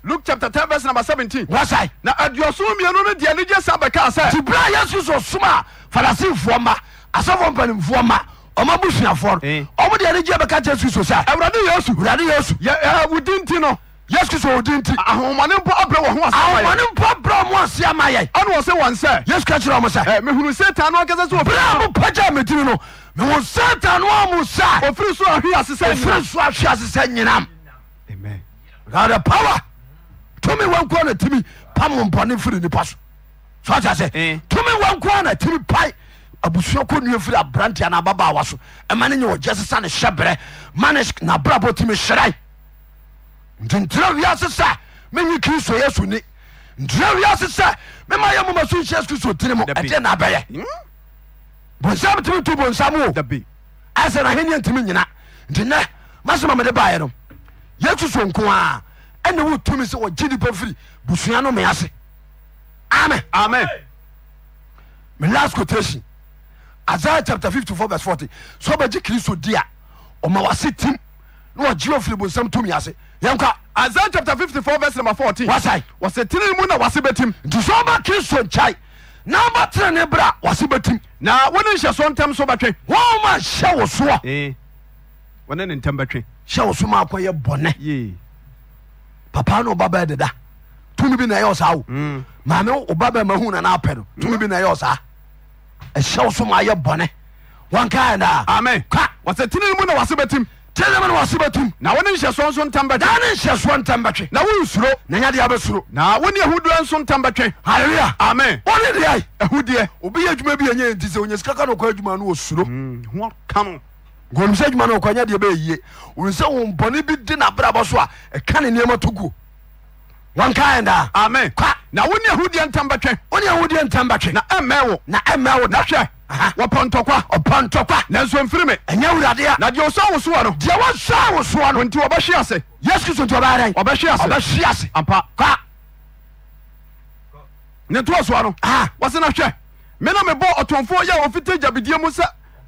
luke chapter ten verse number seventeen. wasaɛ. na aduosun mienu ni diɛ nijɛ san bɛ kaa sɛ. tibira yesu sɔ suma farasifoɔ ma asɔfo mpanimfoɔ ma ɔma busuafoɔ no eh. ɔmo deɛ nijɛ bɛ ka kyɛ yesu sɔ sɛ. awurade yesu. awurade yesu. yɛ ɛ wudin ti no yesu sɔ wudin ti. ahomani mpɔ abirɛ wɔ ho ase ama yɛ. ahomani mpɔ abirɛ wɔ ho ase ama yɛ. ɔni wɔ se wɔn sɛ. yesu kɛ kyerɛ ɔmo sɛ. ɛ mihunu setan no akɛse so. bira mo pɛkyɛ mi tiri no mihun setan no ɔmo sɛ. ofiri so ahwi asesɛ nyinam. ofiri so ahwi asesɛ nyinam. amen. God the power tumi wankoa na timi pamo mpɔne firi nipa so sotɛ sɛ eh. tumi wankoa na timi pai abusua ko nua firi abrantia na ababaawa so ɛma ne nyɛ ɔgye sesa ne hyɛ berɛ ma ne nabrabɔ timi hyerɛe nti ntera wiase sɛ menye kristo yesu ni ntera wiase sɛ mema yɛ moma so nhyɛ kristo tiri mu ɛdeɛ na abɛyɛ hmm? bonsam timi to bonsam o ɛsɛ na henia ntimi nyina nti nɛ masɛma ba baeɛ no yesu so nko a ɛna wotumi sɛ wɔgye nipa firi busua no mease amen amen me last quotation isaiah chapter 54 verse 40 sɛ wobɛgye kristo di a ɔma wase tim na wɔgye wɔ firi bonsam tumi ase yɛnka isaiah chapter 54 verse number 14 wasae wɔsɛ tene mu na wase bɛtim nti sɛ ɔba kristo nkyae na wobɛtene ne berɛ a wase bɛtim na wone nhyɛ so ntam so bɛtwe wɔma hyɛ wo soɔ wɔne ne ntam bɛtwe hyɛ wo so ma akɔyɛ bɔne papa ne ɔbaba deda tumi bi na ɛyɛ ɔsaa o mm. maame ma hu na n'apɛ no tumi bi na ɛyɛ ɔsaa ɛhyɛw so ma ayɛ bɔne wanka ɛnaa amen ka wɔsɛ tini mu na wɔse bɛtim tini mu na wɔse bɛtum na wɔne ni nso ntam bɛtwe na ni nhyɛsoɔ ntam bɛtwe na wonsuro na nyɛ deɛ bɛsuro na wɔne ahodoɔ nso ntam bɛtwe halleluya amen wɔne deɛ ahodeɛ obi yɛ adwuma bi ɛnyɛ nti sɛ ɔnya sika ka na ɔkɔ adwuma no wɔsuro mm. ho ka nkonimsɛ adwuma no ɔkɔnyɛ deɛ bɛyie wɔn sɛ wɔn bɔnne bi di n'abrabɔ so a ɛka ne nneɛma to gu wọn ká ẹ̀ dáa. amen kwa na wọn ni ahudiẹ ntam bẹ twẹ. wọn ni ahudiẹ ntam bẹ twẹ. na ẹ mẹ wo. na ẹ mẹ wo. na hwẹ wɔpɔ ntɔkwa. ɔpɔ ntɔkwa. na nso nfiri mi. ɛnyɛ wulade a. na deɛ ɔsɔ awosowa no. deɛ wɔsɔ awosowa no. nti ɔbɛhwe ase. yesu kristu nti ɔbɛyɛ dɛ. ɔbɛhwe ase. ɔbɛhwe ase. ampa kwa. ne to ɔsowa no. wɔsi na hwɛ. mena mi bɔ ɔtɔnfo yɛ ofite jabidie mu sɛ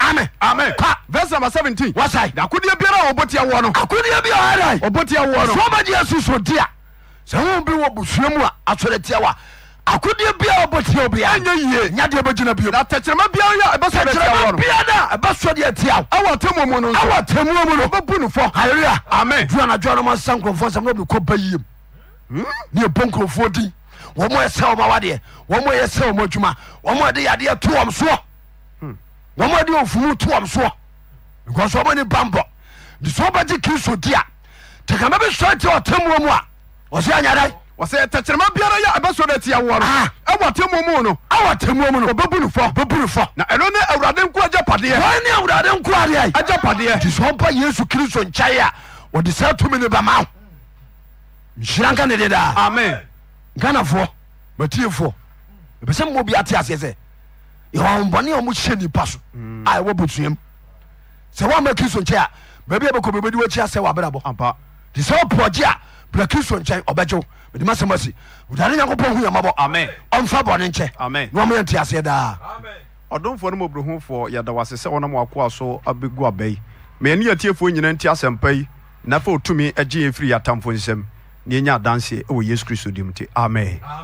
amen amen ka verse number seventeen wasaɛ akodeɛ biara a wɔbɔtia wɔ no akodeɛ bi a ɔhɛdɛ wɔbɔtia wɔ no sɛ wɔbɛgye asu so di a sɛ wo bi wɔ busua mu a asɔre tia wa akodeɛ biara a wɔbɔtia bia ɛnyɛ yie nyadeɛ bɛgyina bio na tɛkyerɛma biara a ɛbɛsɔre tia wɔ no biara da ɛbɛsɔ deɛ tia wo awɔ atɛmuo mu no awɔ atɛmuo mu no wɔbɛbu no fɔ haleluya amen dua anadwoa no ma nsa nkurɔfoɔ nsɛm na wɔde kɔ ba yiem hmm? ne ɛbɔ nkurɔfoɔ din wɔmɔ ɛsɛ wɔma wɔmade ofumu toɔm soɔ because ɔmani bambɔ nti sɛ wobɛgye kristo di a tɛkama bi sɔ ti ɔtɛmuo mu a ɔsɛ anyada wɔsɛ tɛkyerɛma biara yɛ abɛsɔ da ti awoɔ no ɛwɔ tɛmuo mu no awɔ tɛmuo mu no ɔbɛbu no fɔ ɔbɛbu no fɔ na ɛno ne awurade nko agyapadeɛ wɔn ne awurade nko adeɛ agyapadeɛ nti sɛ ɔba yesu kristo nkyɛe a wɔde saa tumi no bɛma wo nhyira nka ne de daa amen ghanafoɔ matiefoɔ ɛbɛ sɛ mmɔ bi ate aseɛ sɛ yɛwɔnbɔne hmm. a ɔmohyɛ nipa so a ɛwɔ botuam sɛ woama kristo nkyɛn a baabi a bɛkɔ a bra kristo nkyɛn ɔbɛgyew mede masɛm asi wodane nyankopɔn hu yamabɔ ɔmfa bɔne nkyɛ na ɔmayɛ nte aseɛ daa ɔdomfoɔ no mɔbrɛhufoɔ yɛda wase sɛ wɔnam wakoa so abɛgu aba yi mɛani atiefoɔ nyina nti asɛmpa yi na fa ɔtumi agye yɛ firi yɛatamfoɔ nsɛm na amen